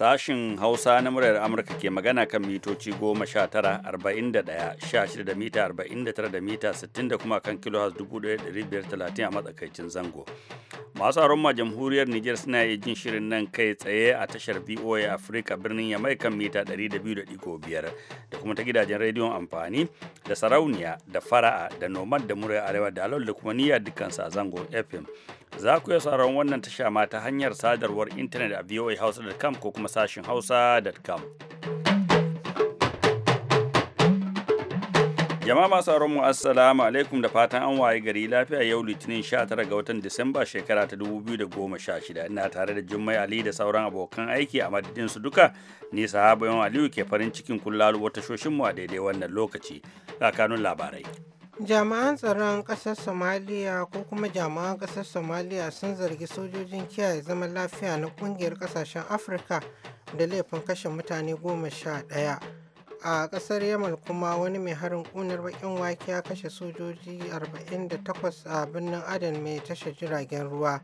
Sashin Hausa na muryar Amurka ke magana kan mitoci goma sha tara arba'in da ɗaya sha shida da mita arba'in da tara da mita sittin da kuma kan kilo has dubu biyar talatin a matsakaicin zango. Masu aron ma jamhuriyar niger suna iya jin shirin nan kai tsaye a tashar VOA afirka birnin Yamai kan mita ɗari da kuma ta gidajen rediyon amfani da sarauniya da fara'a da nomad da muryar arewa da alol da kuma niyyar dukkansa a zango FM. Za ku iya sauran wannan tasha ma ta hanyar sadarwar intanet a house.com ko kuma sashin hausa.com jama'a masu mu assalamu alaikum da fatan an waye gari lafiya yau litinin 19 ga watan disamba shekara ta 2016 ina tare da jummai ali da sauran abokan aiki a madadin su duka ni sahaba yawan aliyu ke farin cikin kullalu wata shoshin mu a daidai wannan lokaci kakanun labarai jami'an tsaron ƙasar somaliya ko kuma jami'an ƙasar somaliya sun zargi sojojin kiyaye zaman lafiya na ƙungiyar ƙasashen afirka da laifin kashe mutane goma sha ɗaya a ƙasar yamal kuma wani mai harin kunar baƙin wake ya kashe sojoji 48 a birnin adan mai tashar jiragen ruwa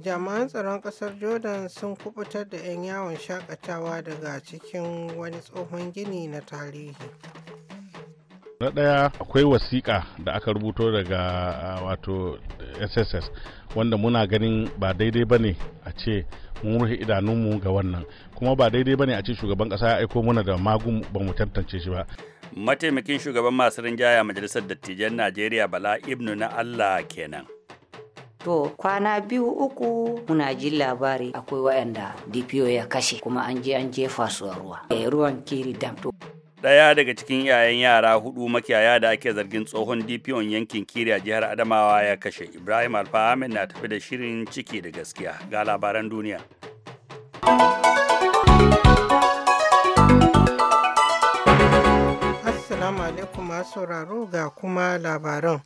jami'an tsaron ƙasar jordan sun kubutar da 'yan yawon shakatawa daga cikin wani tsohon gini na tarihi na ɗaya akwai wasiƙa da aka rubuto daga wato sss wanda muna ganin ba daidai ba ne a ce mun rufe idanunmu ga wannan kuma ba daidai ba ne a ce shugaban ƙasa ya aiko mana da magun ba mu tantance shi ba mataimakin shugaban masu rinjaya majalisar dattijan najeriya bala ibnu na allah kenan To kwana biyu uku muna ji labari akwai waɗanda DPO ya kashe kuma an je an jefa su a ruwa. Eh, ruwan kiri dam. Ɗaya daga cikin yayan yara hudu makiyaya da ake zargin tsohon Dpon yankin Kiriya jihar Adamawa ya kashe. Ibrahim Alfa Amin na tafi da shirin ciki da gaskiya ga labaran duniya. Assalamu alaikum masu sauraro ga kuma labaran.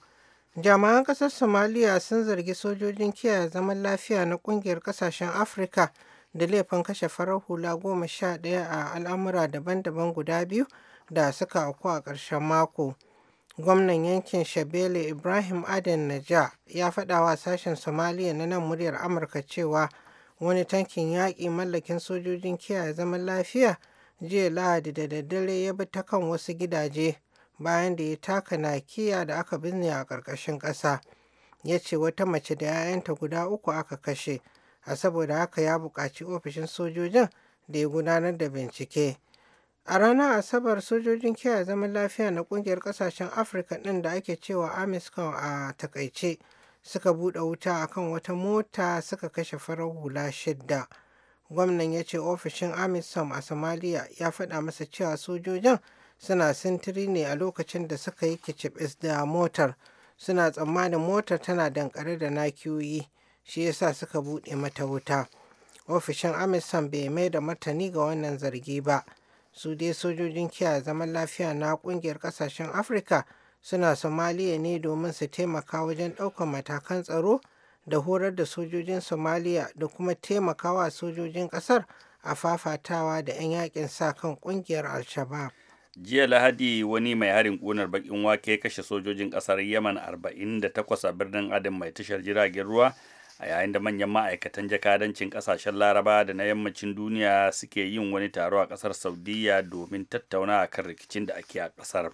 Jami'an ƙasar Somaliya sun zargi sojojin kiyaye zaman lafiya na ƙungiyar ƙasashen Afrika. da laifin kashe farar hula goma sha ɗaya a al'amura daban-daban guda biyu da suka auku a ƙarshen mako. Gwamnan yankin Shabele Ibrahim Aden Naja ya faɗa wa sashen Somaliya na nan muryar Amurka cewa wani tankin yaƙi mallakin sojojin kiyaye zaman lafiya jiya Lahadi da daddare ya bi ta kan wasu gidaje bayan da ya taka na nakiya da aka binne a ƙarƙashin ƙasa. Ya ce wata mace da 'ya'yanta guda uku aka kashe. a saboda haka ya buƙaci ofishin sojojin da ya gudanar da bincike a ranar asabar sojojin kiyaye zaman lafiya na ƙungiyar ƙasashen afirka ɗin da ake cewa amiscom a takaice suka buɗe wuta akan wata mota suka kashe farar hula shidda gwamnan ya ce ofishin amisom a somaliya ya faɗa masa cewa sojojin suna sintiri ne a lokacin da suka yi kicibis da motar suna tsammanin motar tana dankare da nakiyoyi shi yasa suka buɗe mata wuta ofishin amisan bai mai da martani ga wannan zargi ba su dai sojojin kiyaye zaman lafiya na ƙungiyar ƙasashen afirka suna somaliya ne domin su taimaka wajen ɗaukar matakan tsaro da horar da sojojin somaliya da kuma taimakawa sojojin ƙasar a fafatawa da 'yan yakin sa kan ƙungiyar al-shabab jiya lahadi wani mai harin kunar bakin wake kashe sojojin kasar yaman 48 a birnin adam mai tashar jiragen ruwa a yayin da manyan ma'aikatan jakadancin kasashen laraba da na yammacin duniya suke yin wani taro a kasar saudiya domin tattauna a kan rikicin da ake a kasar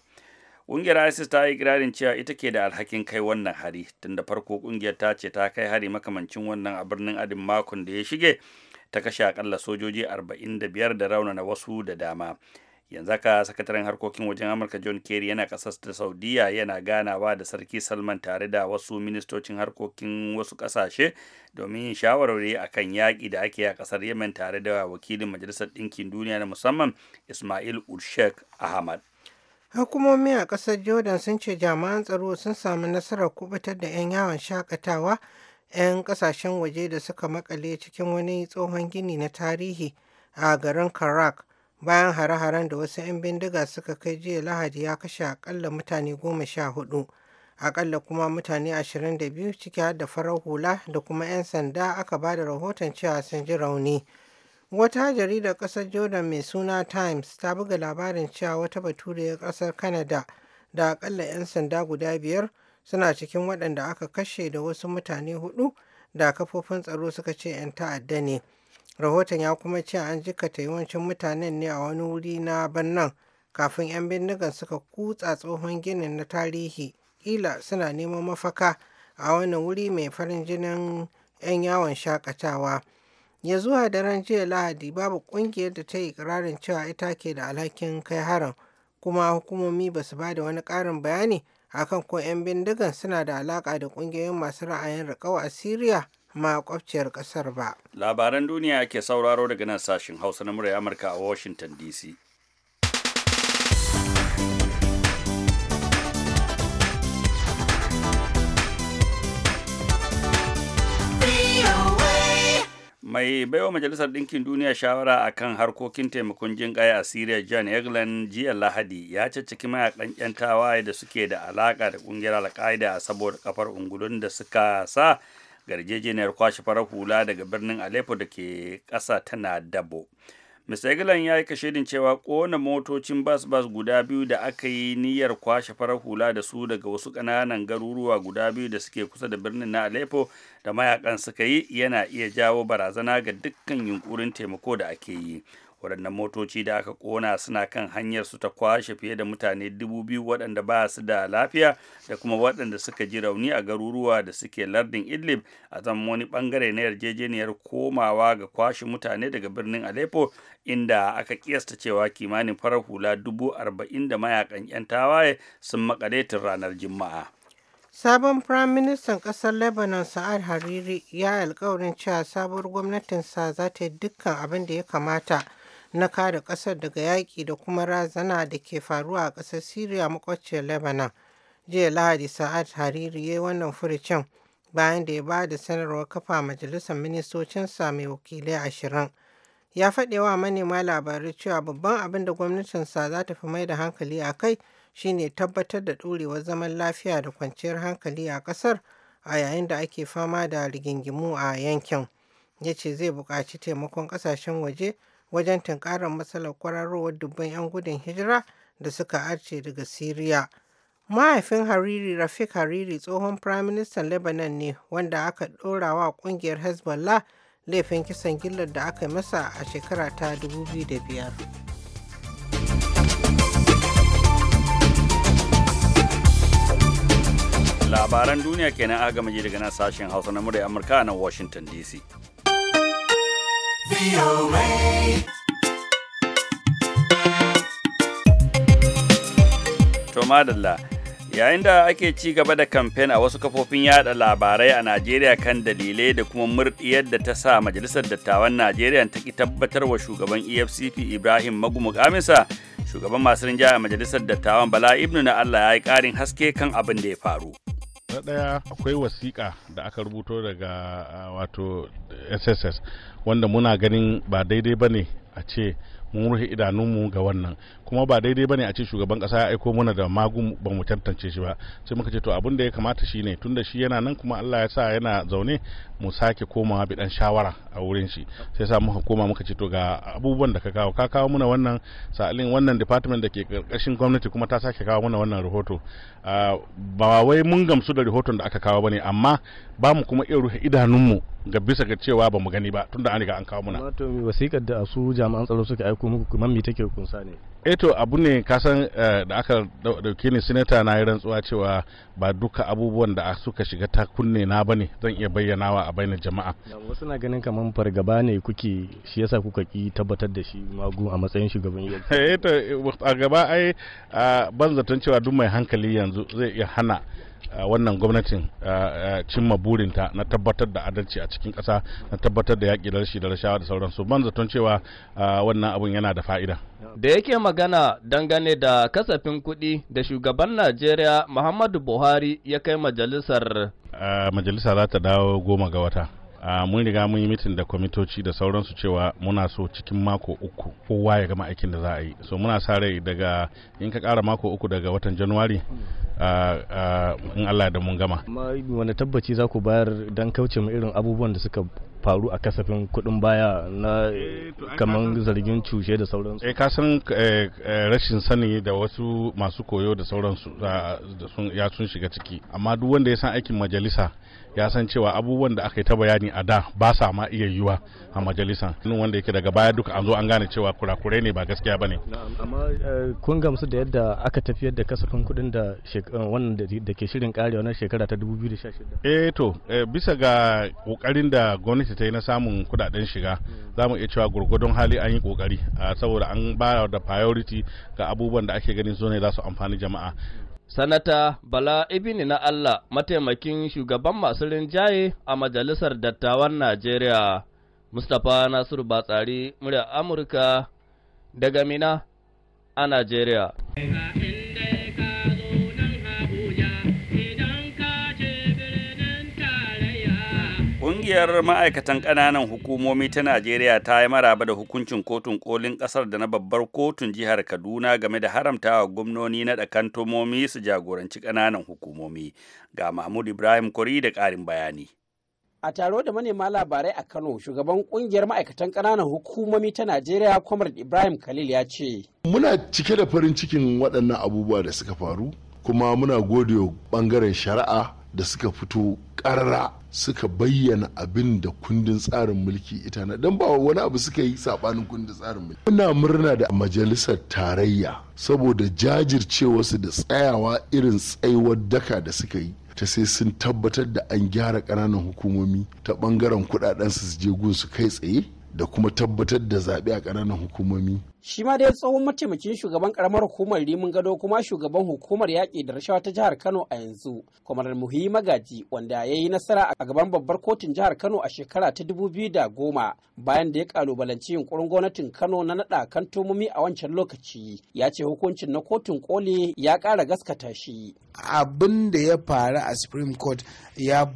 ƙungiyar isis ta yi ikirarin cewa ita ke da alhakin kai wannan hari tun da farko ƙungiyar ta ce ta kai hari makamancin wannan a birnin adin makon da ya shige ta kashe akalla sojoji 45 da raunana wasu da dama yanzu haka sakataren harkokin wajen amurka john kerry yana kasar ta saudiya yana ganawa da sarki salman tare da wasu ministocin harkokin wasu kasashe domin yin shawarwari akan yaƙi da ake a kasar yemen tare da wakilin majalisar ɗinkin duniya na musamman ismail ulshek ahmad hukumomi a ƙasar jordan sun ce jami'an tsaro sun samu nasarar kubutar da 'yan yawon shakatawa 'yan kasashen waje da suka makale cikin wani tsohon gini na tarihi a garin karak bayan hare-haren da wasu 'yan bindiga suka kai jiya lahadi ya kashe akalla mutane goma sha hudu akalla kuma mutane ashirin da biyu ciki har da farar hula da kuma 'yan sanda aka ba da rahoton cewa sun ji rauni wata jaridar kasar jordan mai suna times ta buga labarin cewa wata baturiyar kasar canada da akalla 'yan sanda guda biyar suna cikin waɗanda aka kashe da wasu mutane hudu da kafofin tsaro suka ce 'yan ta'adda ne. Rahoton ya kuma ce an jikkata yawancin mutanen ne a wani wuri na bannan, kafin 'yan bindigan suka kutsa tsohon ginin na tarihi kila suna neman mafaka a wani wuri mai farin jinin 'yan yawon shakatawa. Ya zuwa daren jiya Lahadi babu kungiyar da ta yi ikirarin cewa ita ke da alhakin kai harin kuma hukumomi ba su ba da wani ƙarin bayani akan ko 'yan bindigan suna da alaƙa da ƙungiyoyin masu ra'ayin riƙau a Siriya makwabciyar ƙasar ba. Labaran duniya ke sauraro daga nan sashen Hausa na murya Amurka a Washington DC. mai baiwa majalisar ɗinkin duniya shawara a kan harkokin taimakon jin a syria john eglin jiya lahadi ya caccaki mayakan yan tawaye da suke da alaƙa da ƙungiyar alƙaida saboda kafar ungulun da suka sa garjejeniyar kwashe farar hula daga birnin aleppo da ke ƙasa tana dabo mr Eglan ya yi kashedin cewa kona motocin bas bas guda biyu da aka yi niyyar kwashe farar hula da su daga wasu ƙananan garuruwa guda biyu da suke kusa da birnin na aleppo da mayakan suka yi yana iya jawo barazana ga dukkan yunkurin taimako da ake yi waɗannan motoci da aka ƙona suna kan hanyar su ta kwashe fiye da mutane dubu biyu waɗanda ba su da lafiya da kuma waɗanda suka ji rauni a garuruwa da suke lardin idlib a zaman wani ɓangare na yarjejeniyar komawa ga kwashe mutane daga birnin aleppo inda aka kiyasta cewa kimanin farar hula dubu arba'in da mayakan 'yan tawaye sun makale tun ranar juma'a Sabon Firaministan kasar Lebanon Sa'ad Hariri ya alkawarin cewa sabuwar gwamnatinsa za ta yi dukkan abin da ya kamata na kare ƙasar daga yaƙi da kuma razana da ke faruwa a ƙasar Siriya makwacce Lebanon. Jiya Lahadi Sa'ad Hariri ya wannan furucin bayan da ya ba da sanarwar kafa majalisar ministocinsa mai wakilai ashirin. Ya faɗewa manema labarai cewa babban abin da gwamnatinsa za ta fi mai da hankali a kai shine tabbatar da ɗorewar zaman lafiya da kwanciyar hankali a ƙasar a yayin da ake fama da rigingimu a yankin. Ya ce zai buƙaci taimakon ƙasashen waje wajen tunkarar matsalar kwararowar dubban 'yan gudun hijira da suka arce daga Siriya. Mahaifin Hariri Rafik Hariri tsohon Firaministan Lebanon ne wanda aka ɗora wa ƙungiyar Hezbollah laifin kisan gillar da aka masa a shekara ta 2005. Labaran duniya kenan agamaji daga nan sashen Hausa na Murai Amurka nan Washington DC. ቪኦኤ yayin da ake ci gaba da kamfen a wasu kafofin yada labarai a najeriya kan dalilai da kuma murɗiyar da ta sa majalisar dattawan najeriya ta ki tabbatar wa shugaban efcp ibrahim magu shugaban masu rinjaya majalisar dattawan bala ibnu na allah ya yi ƙarin haske kan abin da ya faru na ɗaya akwai wasiƙa da aka rubuto daga wato sss wanda muna ganin ba daidai ba ne a ce mun rufe idanunmu ga wannan kuma ba daidai bane a ce shugaban kasa ya aiko mana da magun ba mu tantance shi ba sai muka ce to abin da ya kamata shi shine tunda shi yana nan kuma Allah ya sa yana zaune mu sake komawa bi dan shawara a wurin shi sai sa muka koma muka ce to ga abubuwan da ka kawo ka kawo mana wannan sa'alin wannan department da ke karkashin gwamnati kuma ta sake kawo mana wannan rahoto ah, ba wai mun gamsu da rahoton da aka kawo bane amma ba mu kuma iya rufe idanunmu ga bisa ga cewa ba mu gani ba tunda an riga an kawo muna. Wato wasikar da su jami'an tsaro suka aiko muku kuma me take kunsa ne? eto eh abu ne kasan eh, da aka dauke ni sinata na yi rantsuwa cewa ba duka abubuwan da suka shiga ta kunne na ba ne zan iya bayyanawa a bainar jama'a wasu na ganin kamar fargaba ne kuke shi yasa kuka ki tabbatar da shi magu a matsayin shugaban yanzu eto eh, a gaba ai ban zaton cewa duk mai hankali yanzu zai iya hana wannan gwamnatin cimma burinta na tabbatar da adalci a cikin ƙasa na tabbatar da yaƙi da rashi da rashawa da sauransu ban zaton cewa wannan abun yana da fa'ida. Da yake magana dangane da kasafin kuɗi da shugaban Najeriya Muhammadu Buhari ya kai majalisar. Majalisa za ta dawo goma ga wata. mun riga mun yi mitin da kwamitoci da sauransu cewa muna so cikin mako uku kowa ya gama aikin da za a yi so muna sa rai daga in ka kara mako uku daga watan januari in allah da mun gama wani tabbaci za ku bayar don kauce mu irin abubuwan da suka faru a kasafin kuɗin baya na eh, kamar zargin cushe da sauransu eh, ka san eh, rashin sani da wasu masu koyo da sauransu ya sun shiga ciki amma duk wanda ya san aikin majalisa ya san cewa abubuwan da aka yi ta bayani a da ba sa ma iya yiwa a majalisa nun wanda yake daga baya duka an zo an gane cewa kurakurai ne ba gaskiya ba ne amma eh, kun gamsu da yadda aka tafiyar da kasafin kuɗin da eh, wannan da ke shirin karewa na shekara ta 2016 eh to eh, bisa ga kokarin da gwamnati ta yi na samun kudaden shiga hmm. za mu iya cewa gurgudun hali an yi kokari saboda an ba da priority ga abubuwan da ake ganin zo ne za su amfani jama'a Sanata Bala Ibini na Allah mataimakin shugaban masu rinjaye a Majalisar Dattawan Najeriya, Mustapha Nasiru Batsari, murya Amurka daga Mina a Najeriya. Ƙungiyar ma'aikatan ƙananan hukumomi ta Najeriya ta yi maraba da hukuncin kotun ƙolin ƙasar da na babbar kotun jihar Kaduna game da haramtawa gwamnoni na kantomomi su jagoranci ƙananan hukumomi. Ga Mahmud Ibrahim Kori da ƙarin bayani. A taro da manema labarai a Kano, shugaban ƙungiyar ma'aikatan ƙananan hukumomi ta Najeriya, Kwamar Ibrahim Khalil ya ce. Muna cike da farin cikin waɗannan abubuwa da suka faru, kuma muna gode ɓangaren shari'a da suka fito karara suka bayyana abin da kundin tsarin mulki ita na dan ba wani abu suka yi saɓanin kundin tsarin mulki muna murna da majalisar tarayya saboda wasu da tsayawa irin tsayuwar daka da suka yi ta sai sun tabbatar da an gyara ƙananan hukumomi ta ɓangaren kuɗaɗen su je gun su kai tsaye da kuma tabbatar da zaɓe a ƙananan hukumomi shi ma dai tsohon mataimakin shugaban karamar hukumar rimin gado kuma shugaban hukumar yaƙi da rashawa ta jihar kano a yanzu kuma muhi magaji wanda ya yi nasara a gaban babbar kotun jihar kano a shekara ta dubu biyu da goma bayan da ya kalubalanci yunkurin gwamnatin kano na naɗa kan tumumi a wancan lokaci ya ce hukuncin na kotun koli ya ƙara gaskata shi abin da ya faru a supreme court ya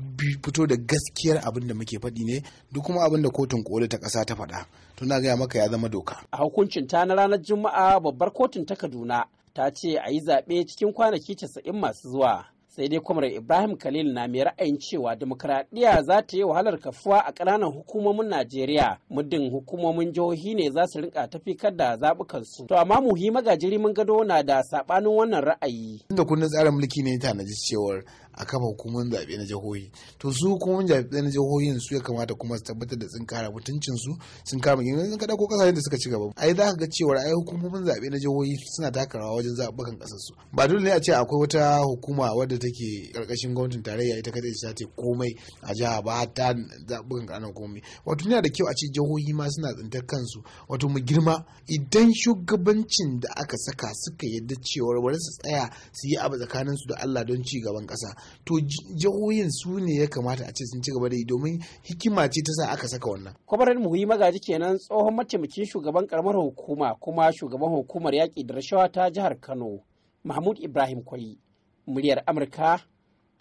fito da gaskiyar abin da muke faɗi ne duk kuma abin da kotun koli ta ƙasa ta faɗa tuna gaya maka ya zama doka a hukuncin ta na ranar juma'a babbar kotun ta kaduna ta ce a yi zaɓe cikin kwanaki casa'in masu zuwa sai dai kwamar ibrahim khalil na mai ra'ayin cewa demokuraɗiyya za ta yi wahalar kafuwa a ƙananan hukumomin najeriya muddin hukumomin jihohi ne za su rinka tafikar da zaɓukansu to amma muhi magajiri mun gado na da saɓanin wannan ra'ayi da kundin tsarin mulki ne tanaji cewar a kafa hukumomin zaɓe na jihohi to su hukumomin zaɓe na jihohin su ya kamata kuma su tabbatar da sun kara mutuncin su sun kama gini sun kada ko kasashen da suka ci gaba ai za ka ga cewa ai hukumomin zaɓe na jihohi suna taka rawa wajen zaɓukan ƙasar su ba dole ne a ce akwai wata hukuma wadda take karkashin gwamnatin tarayya ita kada ta ce komai a jiha ba ta zaɓukan ƙananan komai wato yana da kyau a ce jihohi ma suna tsintar kansu wato mu girma idan shugabancin da aka saka suka yarda cewa wani su tsaya su yi abu tsakaninsu da Allah don ci gaban ƙasa to jihohin su ne ya kamata a ce sun ci gaba da yi domin hikima ce ta sa aka saka wannan mu yi magaji kenan tsohon mataimakin shugaban karamar hukuma kuma shugaban hukumar yaƙi da rashawa ta jihar kano mahmud ibrahim kwai muryar amurka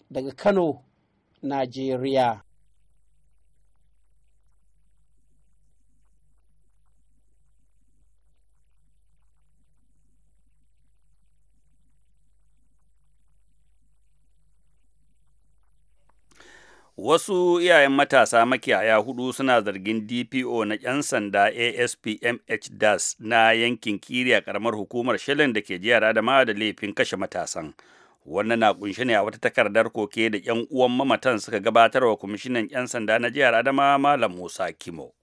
daga kano najeriya Wasu iyayen matasa makiyaya hudu suna zargin DPO na 'yan sanda ASPMH DAS na yankin Kiriya karamar hukumar Shilin da ke jihar Adama da laifin kashe matasan. Wannan na kunshe ne a wata takardar koke da 'yan uwan mamatan suka gabatar wa kwamishinan 'yan sanda na jihar Adama Malam Musa Kimo.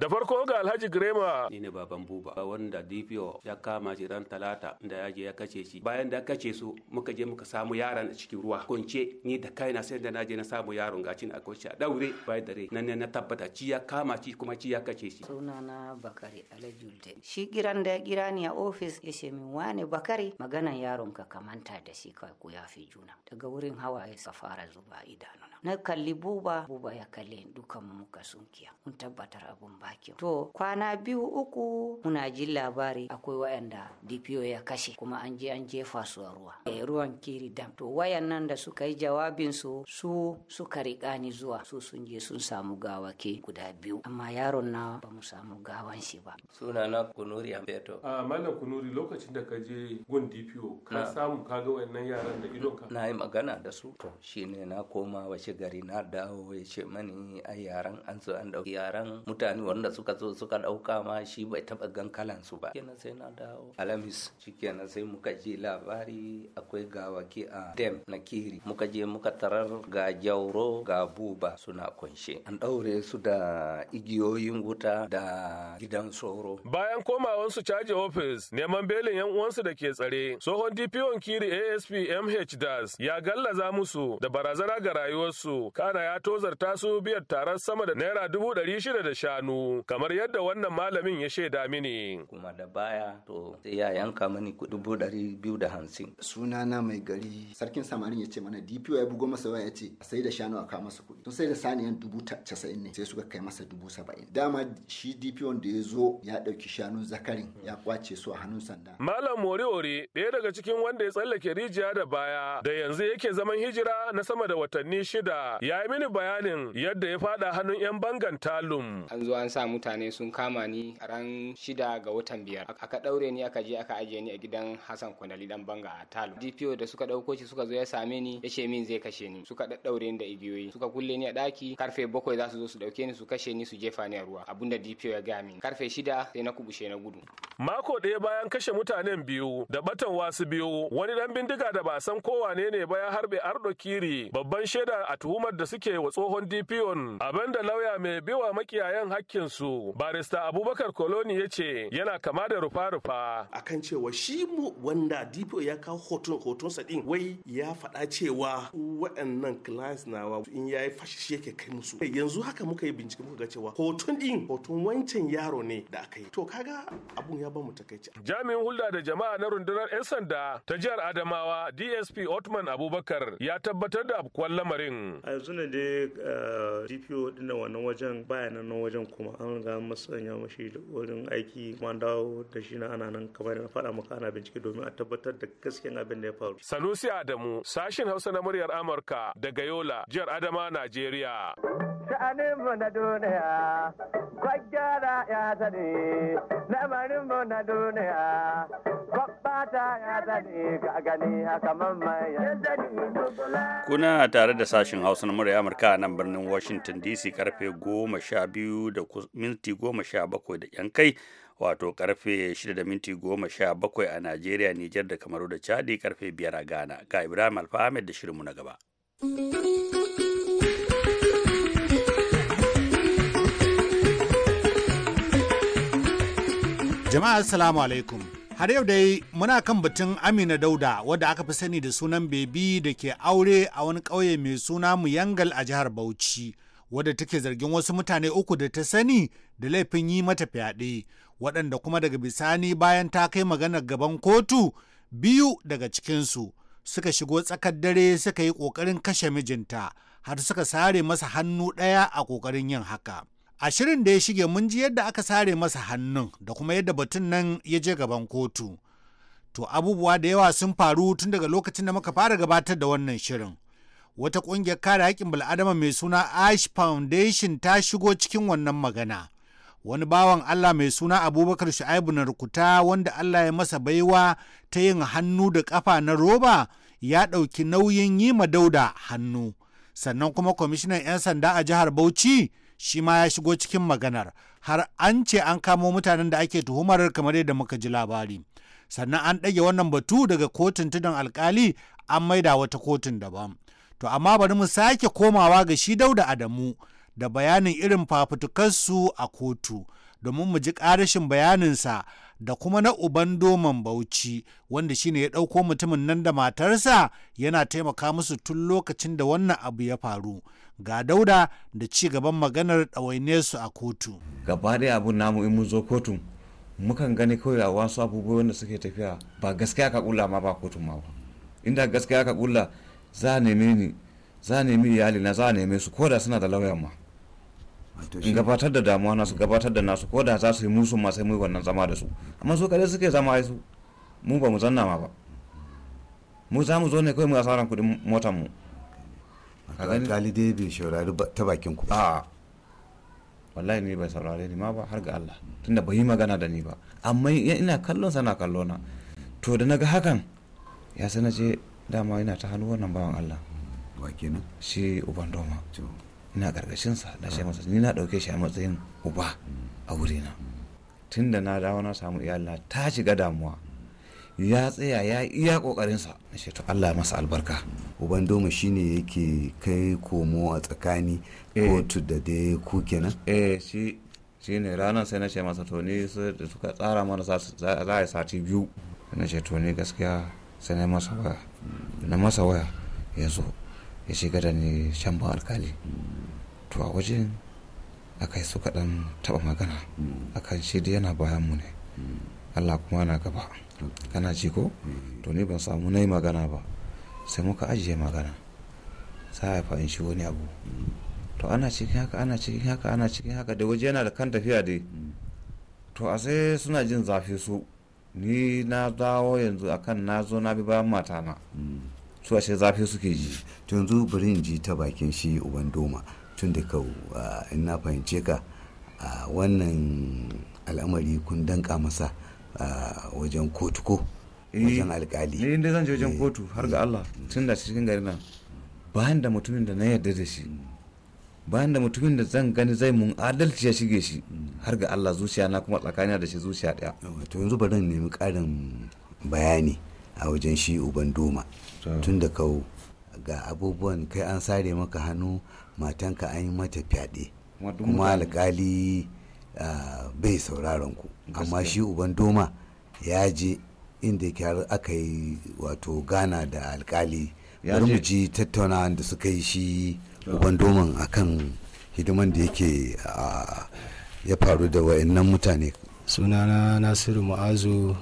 Da farko ga Alhaji Grema. Ni ne baban buba wanda DPO ya kama shi ran talata da ya je ya kace shi. Bayan da kace su muka je muka samu yaran a cikin ruwa. Kunce ni da kaina sai da na je na samu yaron gacin a kunce a daure bayan dare. Nan na tabbata ci ya kama ci kuma ci ya kace shi. Sunana Bakari Alajulte. Shi kiran da ya kira ni a ofis ya ce min wane Bakari maganan yaron ka kamanta da shi ka ku fi juna. Daga wurin hawaye safara fara zuba idanuna. na kalli buba buba ya kalle dukan mu ka sunkiya mun tabbatar abun bakin to kwana biyu uku muna ji labari akwai wayanda DPO ya kashe kuma an je an jefa su ruwa e, ruwan kiri dam to wayan nan da suka yi jawabin su su suka riƙa ni zuwa su sun je sun samu gawake guda biyu amma yaron na ba mu samu gawan shi ba suna na kunuri ambeto a Mallam kunuri lokacin da ka je gun DPO ka samu ka ga wayannan yaran da ka na yi magana da su to shine na koma wace ce gari na dawo ya ce mani a yaran an zo an dauki yaran mutane wanda suka zo suka dauka ma shi bai taba gan kalan su ba kenan sai na dawo alamis shikenan sai muka ji labari akwai gawaki a dem na kiri muka je muka tarar ga jauro ga buba suna kunshe an daure su da igiyoyin wuta da gidan tsoro. bayan komawansu caji ofis neman belin yan uwansu da ke tsare tsohon dpo kiri asp mh das ya gallaza musu da barazana ga rayuwarsu su kana ya tozarta su biyar taron sama da naira dubu ɗari shida da shanu kamar yadda wannan malamin ya shaida mini. Kuma da baya to sai ya yanka mani dubu ɗari biyu da hamsin. Sunana mai gari sarkin samarin ya ce mana DPO ya bugo masa waya ya ce a sai da shanu a kawo masa kuɗi. Sun sai da saniyan dubu casa'in ne sai suka kai masa dubu saba'in. Dama shi DPO da ya zo ya ɗauki shanu zakarin ya kwace su a hannun sanda. Malam Moriori ɗaya daga cikin wanda ya tsallake rijiya da baya da yanzu yake zaman hijira na sama da watanni shida da ya yi mini bayanin yadda ya fada hannun 'yan bangan talum. An zo an sa mutane sun kama ni a ran shida ga watan biyar. Aka ɗaure ni aka je aka ajiye ni a gidan Hassan Kwanali dan banga a talum. DPO da suka ɗauko shi suka zo ya same ni ya ce min zai kashe ni. Suka daɗaure ni da igiyoyi. Suka kulle ni a ɗaki karfe bakwai za su zo su ɗauke ni su kashe ni su jefa ni a ruwa. Abunda DPO ya gaya min. Karfe shida sai na kubushe na gudu. Mako ɗaya bayan kashe mutanen biyu da batan wasu biyu wani dan bindiga da ba san kowane ne ba ya harbe Ardo Kiri babban shaida a tuhumar da suke wa tsohon DPO'n abinda lauya mai biwa makiyayan su. barista Abubakar Koloni ya ce yana kama da rufa-rufa. Akan cewa shi mu wanda DPO ya kawo hoton sa din wai ya faɗa cewa waɗannan clients nawa in ya yi fashi shi yake kai musu. Yanzu haka muka yi bincike muka ga cewa hoton din hoton wancan yaro ne da aka yi. To kaga abun ya ba mu takaici. Jami'in hulɗa da jama'a na rundunar 'yan sanda ta jihar Adamawa DSP Otman Abubakar ya tabbatar da abkuwan lamarin. Hmm. a yanzu ne dai eh, dpo din da wannan wajen bayanan nan wajen kuma an ga masanya mashi da wurin aiki kuma dawo da shi na ana nan kamar na faɗa maka ana bincike domin a tabbatar da gaskiyan abin da ya faru sanusi adamu sashin hausa na muryar amurka daga yola jihar adama najeriya sha'aninmu na duniya kwaggara ya sani lamarinmu na duniya babbata ya sani ga gani haka mamman ya sani kuna tare da sashin hausa na murya amurka a nan birnin washington dc karfe goma sha biyu da minti goma sha bakwai da yan kai wato karfe 6 da minti 17 a Najeriya, Nijar da Kamaru da Chadi karfe 5 a Ghana. Ga Ibrahim Alfahamed da shirinmu na gaba. Jama'a Assalamu alaikum. Har yau dai muna kan batun Amina Dauda wadda aka fi sani da sunan Bebi da ke aure a wani ƙauye mai suna Muyangal a jihar Bauchi wadda take zargin wasu mutane uku da ta sani da laifin yi mata fyaɗe waɗanda kuma daga bisani bayan ta kai magana gaban kotu biyu daga cikinsu suka shigo tsakar dare suka yi ƙoƙarin kashe mijinta har suka sare masa hannu ɗaya a ƙoƙarin yin haka. A shirin da ya shige mun ji yadda aka sare masa hannun da kuma yadda batun nan ya je gaban kotu. To abubuwa da yawa sun faru tun daga lokacin da muka fara gabatar da wannan shirin. Wata ƙungiyar kare haƙƙin bil'adama mai suna Ash Foundation ta shigo cikin wannan magana. Wani bawan Allah mai suna Abubakar Shu'aibu na rukuta wanda Allah ya masa baiwa ta yin hannu da ƙafa na roba ya ɗauki nauyin yi ma dauda hannu. Sannan kuma kwamishinan 'yan sanda a jihar Bauchi shi ma ya shigo cikin maganar har an ce an kamo mutanen da ake tuhumar kamar yadda muka ji labari sannan an ɗage wannan batu daga kotun tudun alkali an maida wata kotun daban to amma bari mu sake komawa ga shi dauda adamu da bayanin irin fafutukarsu a kotu domin mu ji ƙarashin bayaninsa da kuma na uban doman bauchi wanda shine ya ɗauko mutumin nan da matarsa yana taimaka musu tun lokacin da wannan abu ya faru ga dauda da ci gaban maganar ɗawaine su a kotu gaba ɗaya abun namu in mun zo kotu mukan gani kawai a wasu abubuwa wanda suke tafiya ba gaskiya ka kula ma ba kotun ma ba inda gaskiya ka kula za a ni za a nemi iyalina za a neme su ko suna da lauyan ma gabatar da damuwa nasu gabatar da nasu ko da za su yi musu ma sai mu wannan zama da su amma su kare suke zama ai su mu ba mu zanna ma ba mu za mu zo ne kawai mu asaran kudin motar mu kali dai bai shaurari ta bakin ku a wallahi ni bai saurare ni ma ba har ga Allah tunda bai yi magana da ni ba amma ina kallon sana kallo na to da naga hakan ya sanace ce dama ina ta hannu wannan bawan Allah wa kenan shi uban doma ina sa na ce masa ni na ɗauke shi a matsayin uba a wurina tun da na dawo na samu iyalina ta shiga damuwa ya tsaya ya iya ƙoƙarinsa na ce to Allah masa albarka uban doma shine yake kai komo a tsakani eh. kotu da dai ku kenan eh shi shine ranar sai na ce masa to ni da suka tsara mana za a yi sati biyu na ce to ni gaskiya sai na masa waya na waya ya zo ya shiga da ni shamban alkali to a wajen aka yi su kaɗan taɓa magana akan shi da yana bayan mu ne allah kuma na gaba kana ji ko to ni ban samu na yi magana ba sai muka ajiye magana sai haifa in shi wani abu to ana cikin haka ana cikin haka ana cikin haka da waje yana da kan tafiya dai to a sai suna jin zafi su ni na dawo yanzu akan na zo na bi bayan matana su a zafi suke ji yanzu bari in ji ta bakin shi uban doma tun da kau in na fahimce ka wannan al'amari kun danka masa wajen kotu ko eh, wajen alkali ne eh, inda zan je wajen eh, kotu har ga Allah tun da cikin gari nan bayan da mutumin da na yarda da shi bayan da mutumin da zan gani zai mun adalci ya shige shi har ga Allah zuciya na kuma tsakanina da shi zuciya daya to yanzu bari nemi karin bayani a wajen shi uban doma tun da kawo ga abubuwan kai an sare maka hannu matanka an yi mata fyaɗe kuma alkali bai sauraron ku amma shi uban doma ya je inda har aka yi wato gana da alkali bari mu ji tattauna da suka yi shi uban doman kan hidiman da yake ya faru da wayannan mutane sunana nasiru mu'azu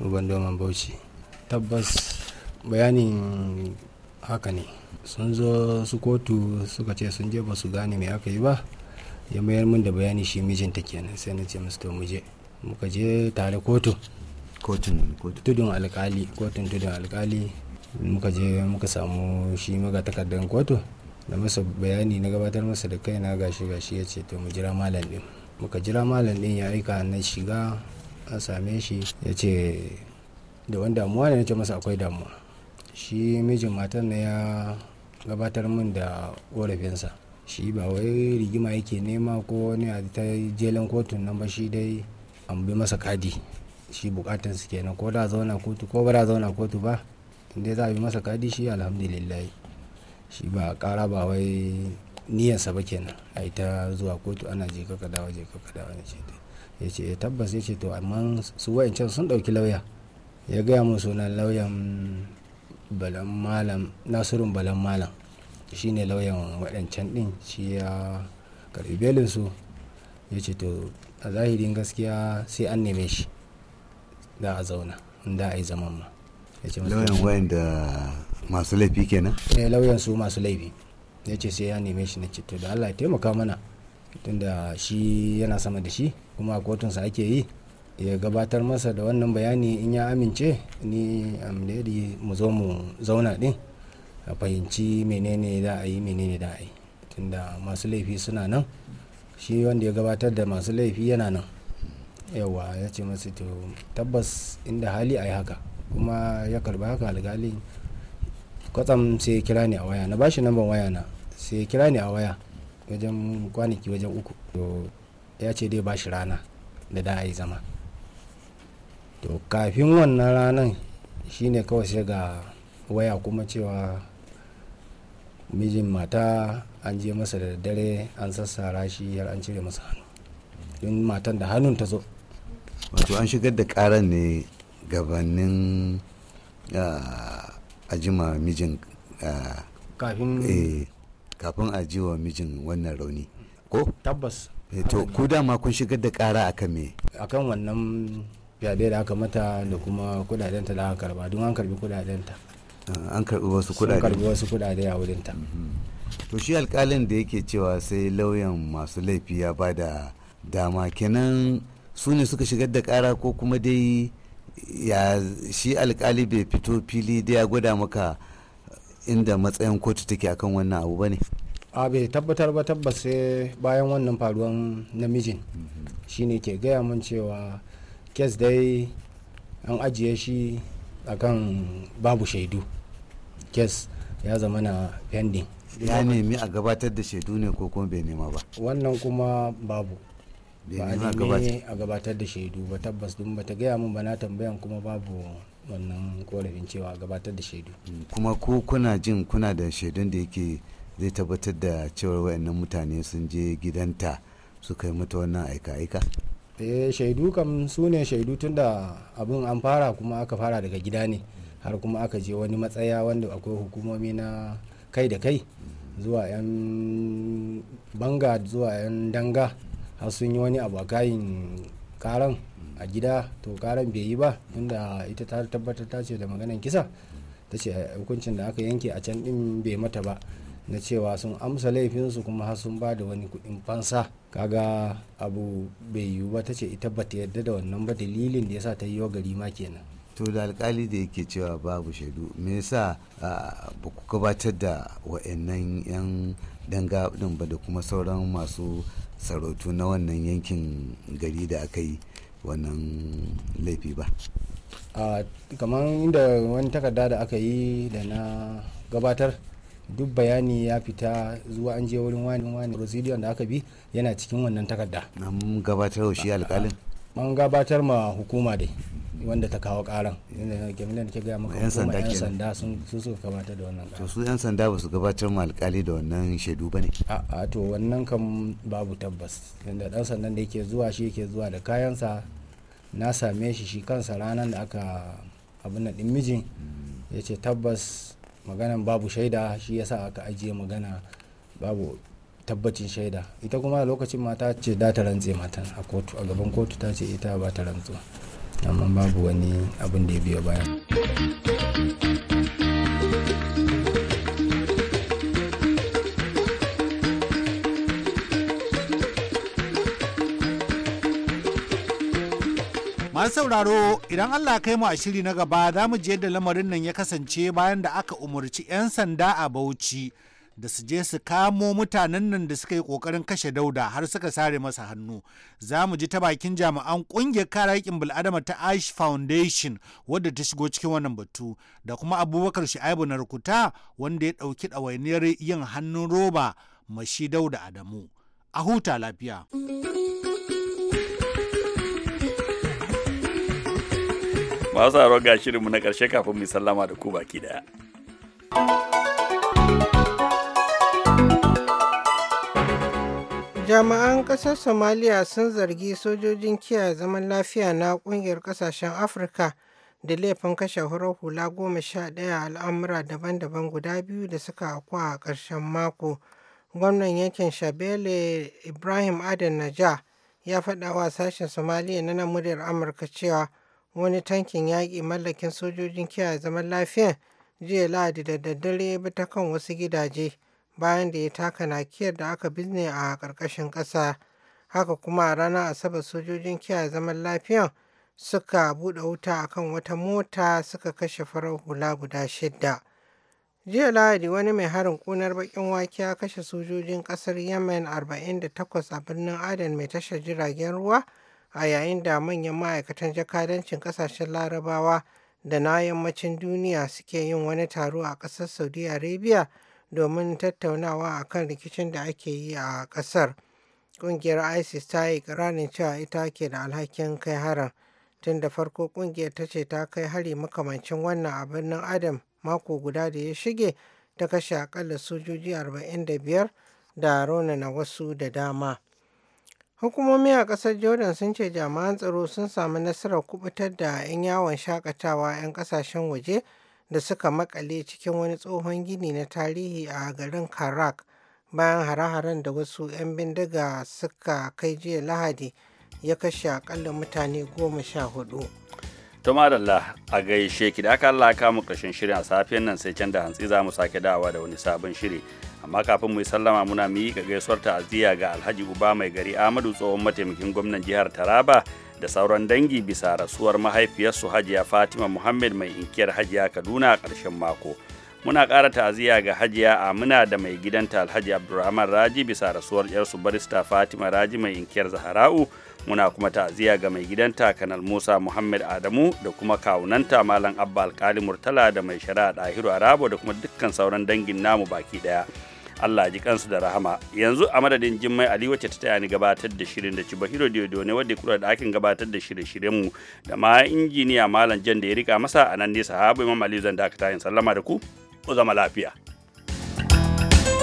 uban doman bauchi tabbas bayanin haka ne sun zo su kotu suka ce sun je ba su gane mai aka yi ba ya mayar min da bayani shi mijinta kenan sai na ce musu mu je muka je tare kotu kotun tudun alkali kotun tudun alkali muka je muka samu shi maga takardar kotu da masa bayani na gabatar masa da kaina gashi gashi ya ce to mu jira malam din muka jira malam din ya aika na shiga a same shi ya ce da wani damuwa ne nace masa akwai damuwa shi mijin matan na ya gabatar min da korafinsa shi ba wai rigima yake nema ko wani a ta jelen kotun nan ba shi dai an bi masa kadi shi bukatan su kenan ko da zauna kotu ko ba da zauna kotu ba inda za a bi masa kadi shi alhamdulillah shi ba kara ba wai niyansa ba kenan a ita zuwa kotu ana je kaka dawa je kaka dawa ne ce ya ce eh, tabbas ya ce to amma su wayancan sun dauki lauya ya gaya mun sunan lauyan balan malam nasirun balan malam shine lauyan waɗancan ɗin shi ya karbi belinsu ya ce to a zahirin gaskiya sai an neme shi da a zauna da a yi zaman ma lauyan wayan da masu laifi kenan eh lauyan su masu laifi ya ce sai an neme shi na ce to da allah ya taimaka mana tunda shi yana sama da shi kuma a kotunsa ake yi ya gabatar masa da wannan bayani in ya amince ni um, amdari mu zo mu zauna din a fahimci menene da a yi menene da a yi tunda masu laifi suna nan shi wanda ya gabatar da masu laifi yana nan yawa ya ce masu to tabbas inda hali a yi haka kuma ya karba haka alkali kwatsam sai ya kira ni a waya na ba shi namban waya na sai ya kira ni a waya wajen kwanaki wajen uku ya ce dai ba shi rana da da a yi zama to kafin wannan ranar shine kawai sai ga waya kuma cewa mijin mata an je masa da dare an sassara shi har an cire masa hannu don matan da hannun ta zo wato an shigar da karan ne gabanin ajima mijin eh, kafin a jiwa wa mijin wannan rauni ko tabbas eh, to ku dama kun shigar da kara akan me akan wannan fyaɗe da aka mata da kuma kudadenta da aka karba don an karbi kudadenta an karbi wasu kudade karbi wasu kudade a wurinta to shi alkalin da yake cewa sai lauyan masu laifi ya bada dama kenan su ne suka shigar da kara ko kuma dai ya shi alkali bai fito fili da ya gwada maka inda matsayin kotu take akan wannan abu bane a bai tabbatar ba tabbas sai bayan wannan faruwan namijin mhm. shine ke gaya mun cewa kes dai an ajiye shi a kan babu shaidu kes ya zama na pending ya nemi a gabatar da shaidu ne ko kuma bai nema ba wannan kuma babu ba a gabatar da shaidu ba tabbas dun ba ta gaya min ba na tambayan kuma babu wannan korafin cewa gabatar da shaidu mm, kuma ko kuna jin kuna da shaidun da yake zai tabbatar da cewar wayannan mutane sun je gidanta suka yi mata wannan aika-aika eh shaidu kam su ne shaidu tunda abin an fara kuma aka fara daga gida ne har kuma aka je wani matsaya wanda akwai hukumomi na kai da kai zuwa 'yan banga zuwa 'yan danga har sun yi wani abu a kayin karan a gida to karan bai yi ba tunda ita ta tabbatar ta ce da maganan kisa ta ce hukuncin da aka yanke a can din bai mata ba na cewa sun amsa laifinsu kuma har sun ba da wani kuɗin fansa kaga abu bai yiwu ba ta ce ita ba ta yarda da wannan ba dalilin da yasa ta yi wa gari ma kenan to da alkali da yake cewa babu shaidu me yasa ba ku gabatar da wa'annan yan danga din ba da kuma sauran masu sarautu na wannan yankin gari da aka yi wannan laifi ba kamar inda wani takarda da aka yi da na gabatar duk bayani ya fita zuwa an je wurin wani wani rosidio da aka bi yana cikin wannan takarda mun gabatar shi alkalin mun gabatar ma hukuma dai wanda ta kawo karan game da ke gaya maka yan sanda yan sanda sun suka kamata da wannan to su yan sanda ba su gabatar ma alkali da wannan shaidu ba ne a to wannan kam babu tabbas yanda dan sandan da yake zuwa shi yake zuwa da kayansa na same shi shi kansa ranar da aka abin nan din mijin yace tabbas maganan babu shaida shi yasa aka ajiye magana babu tabbacin shaida ita kuma lokacin mata ce da ta rantse matan a kotu a gaban kotu ta ce ita ba ta rantsu amma babu wani abin da ya biyo bayan. masu sauraro idan allah kai mu a shiri na gaba za mu je da lamarin nan ya kasance bayan da aka umarci 'yan sanda a bauchi da su je su kamo mutanen nan da suka yi kokarin kashe dauda har suka sare masa hannu za mu ji ta bakin jami'an kungiyar kare haƙƙin bil'adama ta ash foundation wadda ta shigo cikin wannan batu da kuma abubakar shu'aibu na rukuta wanda ya ɗauki ɗawainiyar yin hannun roba mashi dauda adamu a huta lafiya. masu sauraro ga shirinmu na ƙarshe kafin mu sallama da ku baki daya jami'an ƙasar somaliya sun zargi sojojin kiyaye zaman lafiya na ƙungiyar ƙasashen afirka da laifin kashe hurar hula goma sha ɗaya al'amura daban-daban guda biyu da suka akwa a ƙarshen mako gwamnan yankin shabele ibrahim adan naja ya faɗa wa sashen somaliya na muryar amurka cewa wani tankin yaƙi mallakin sojojin kiyaye zaman lafiyan, jiya lahadi da daddare bi ta kan wasu gidaje bayan da ya taka kiyar da aka binne a ƙarƙashin ƙasa haka kuma a ranar asabar sojojin kiyaye zaman lafiyan suka buɗe wuta akan wata mota suka kashe farar hula guda shidda jiya lahadi wani mai harin kunar bakin wake ya kashe sojojin kasar yemen 48 a birnin aden mai tashar jiragen ruwa a yayin da manyan ma'aikatan jakadancin ƙasashen larabawa da na yammacin duniya suke yin wani taro a ƙasar saudi arabia domin tattaunawa a kan rikicin da ake yi a ƙasar ƙungiyar isis ta yi ƙirarin cewa ita ke da alhakin kai harin tun da farko ƙungiyar ta ce ta kai hari makamancin wannan a birnin adam mako guda da ya shige ta kashe akalla sojoji 45 da raunana wasu da dama Hukumomi a ƙasar Jordan sun ce jami'an tsaro sun samu nasarar kubutar da 'yan yawon shakatawa 'yan ƙasashen waje da suka makale cikin wani tsohon gini na tarihi a garin Karak bayan hare-haren da wasu 'yan bindiga suka kai jiya Lahadi ya kashe akalla mutane goma sha hudu. Tuma da a gaishe ki da aka Allah mu ƙarshen shirin a safiyan nan sai can da hantsi za mu sake dawa da wani sabon shiri. amma kafin mu sallama muna miƙa gaisuwar ta'aziyya ga alhaji uba mai gari amadu tsohon mataimakin gwamnan jihar taraba da sauran dangi bisa rasuwar mahaifiyarsu hajiya fatima muhammad mai inkiyar hajiya kaduna a ƙarshen mako muna ƙara ta'aziyya ga hajiya amina da mai gidanta alhaji abdulrahman raji bisa rasuwar yarsu barista fatima raji mai inkiyar zahra'u muna kuma ta'aziyya ga mai gidanta kanal musa muhammad adamu da kuma kawunanta malam abba alkali murtala da mai shari'a dahiru arabo da kuma dukkan sauran dangin namu baki ɗaya. Allah ji kansu da rahama yanzu a madadin jimmai ali wacce ta taya ni gabatar da shirin da cibahiro diodo ne wadda kula da aikin gabatar da shirye-shiryen mu da ma injiniya malam jan da ya rika masa a nan ne sahabu imam ali zan dakata tayin sallama da ku ku zama lafiya